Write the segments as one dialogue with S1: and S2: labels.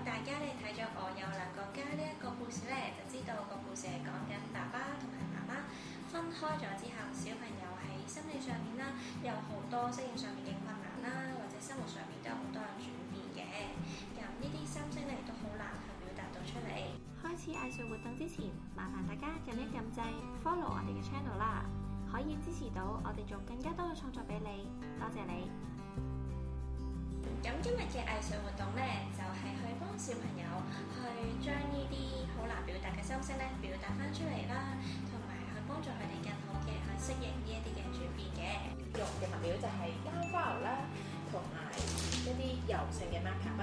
S1: 大家咧睇咗我有兩個家呢一個故事咧，就知道個故事係講緊爸爸同埋媽媽分開咗之後，小朋友喺心理上面啦，有好多適應上面嘅困難啦，或者生活上面都有好多嘅轉變嘅。咁呢啲心聲咧亦都好難去表達到出嚟。開始藝術活動之前，麻煩大家撳一撳掣，follow 我哋嘅 channel 啦，可以支持到我哋做更加多嘅創作俾你，多謝你。咁今日嘅藝術活動咧，就係、是、去。小朋友去將呢啲好難表達嘅心聲咧，表達翻出嚟啦，同埋去幫助佢哋更好嘅去適應呢一啲嘅轉變嘅。用嘅物料就係膠花油啦，同埋一啲
S2: 油性嘅 marker 筆。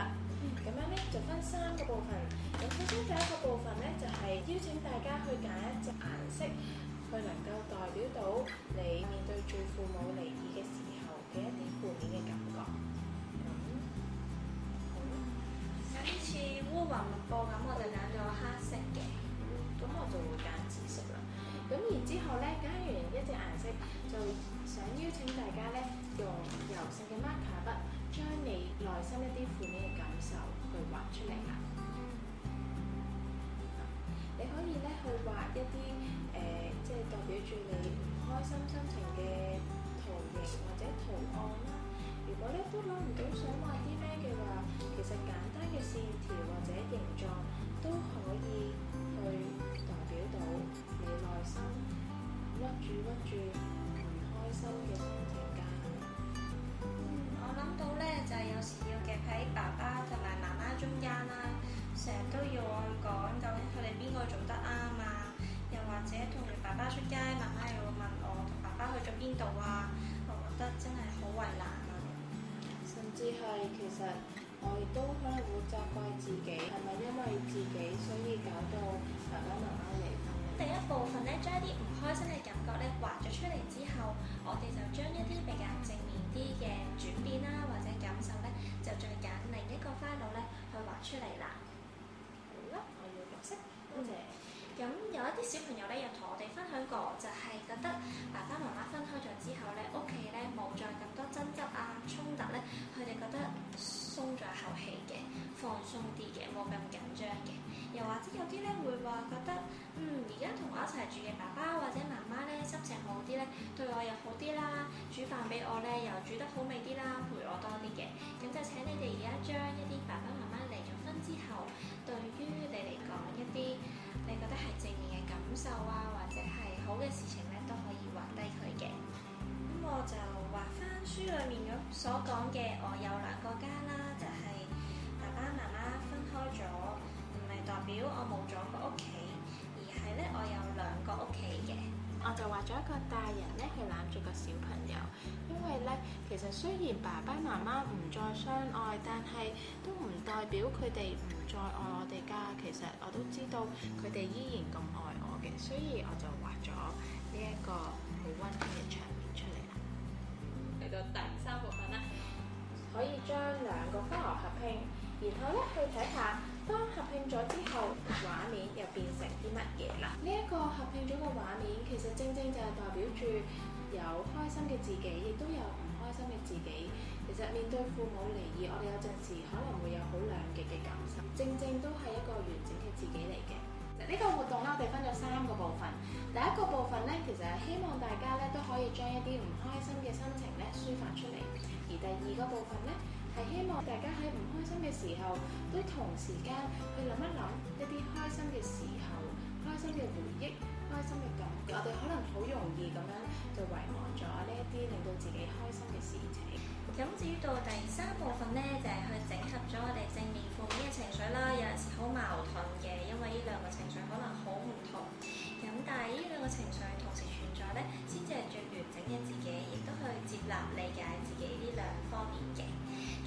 S2: 咁、嗯、樣咧就分三個部分。咁首先第一個部分咧就係、是、邀請大家去揀一隻顏色，去能夠代表到你面對住父母離異嘅。啲顏色，就想邀請大家咧，用油性嘅 marker 筆，將你內心一啲負面嘅感受去畫，去畫出嚟啦。你可以咧去畫一啲誒、呃，即係代表住你唔開心心情嘅圖形或者圖案啦。如果咧都攞唔到想畫啲咩嘅話，其實簡單嘅線條或者形狀都可以。
S1: 度啊，我覺得
S2: 真係好為難啊！甚至係其實我亦都可能會責怪自己，係咪因為自己所以搞到
S1: 爸爸媽媽離婚？嗯嗯嗯、第一部分咧，將一啲唔開心嘅感覺咧，畫咗出嚟之後，我哋就將一啲比較正面啲。嗯嘅放鬆啲嘅，冇咁緊張嘅。又或者有啲咧會話覺得，嗯，而家同我一齊住嘅爸爸或者媽媽咧心情好啲咧，對我又好啲啦，煮飯俾我咧又煮得好味啲啦，陪我多啲嘅。咁就請你哋而家將一啲爸爸媽媽離咗婚之後，對於你嚟講一啲，你覺得係正面嘅感受啊，或者係好嘅事情咧，都可以畫低佢嘅。咁我就畫翻書裏面所講嘅，我有兩個家啦。
S2: 畫咗一個大人呢，去攬住個小朋友，因為呢，其實雖然爸爸媽媽唔再相愛，但係都唔代表佢哋唔再愛我哋㗎。其實我都知道佢哋依然咁愛我嘅，所以我就畫咗呢一個好溫馨嘅場面出嚟啦。嚟到第三部分啦。其實正正就係代表住有開心嘅自己，亦都有唔開心嘅自己。其實面對父母離異，我哋有陣時可能會有好兩極嘅感受。正正都係一個完整嘅自己嚟嘅。呢個活動咧，我哋分咗三個部分。第一個部分咧，其實係希望大家咧都可以將一啲唔開心嘅心情咧抒發出嚟。而第二個部分咧，係希望大家喺唔開心嘅時候，都同時間去諗一諗一啲開心嘅時候、開心嘅回憶。我哋可能好容易咁樣就遺忘
S1: 咗呢一啲令到自己開心嘅事情。咁至於到第三部分咧，就係去整合咗我哋正面、負面嘅情緒啦。有陣時好矛盾嘅，因為呢兩個情緒可能好唔同。咁但係呢兩個情緒同時存在咧，先至係最完整嘅自己，亦都去接納理解自己呢兩方面嘅。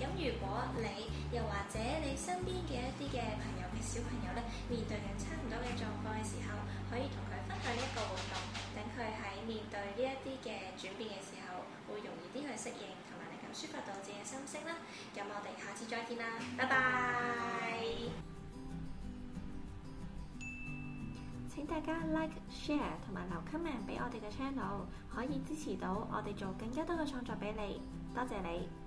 S1: 咁如果你又或者你身邊嘅一啲嘅朋友嘅小朋友咧，面對緊。狀況嘅時候，可以同佢分享呢一個活動，等佢喺面對呢一啲嘅轉變嘅時候，會容易啲去適應，同埋能夠抒發到自己嘅心聲啦。咁我哋下次再見啦，拜拜！請大家 like、share 同埋留 comment 俾我哋嘅 channel，可以支持到我哋做更加多嘅創作俾你。多謝你。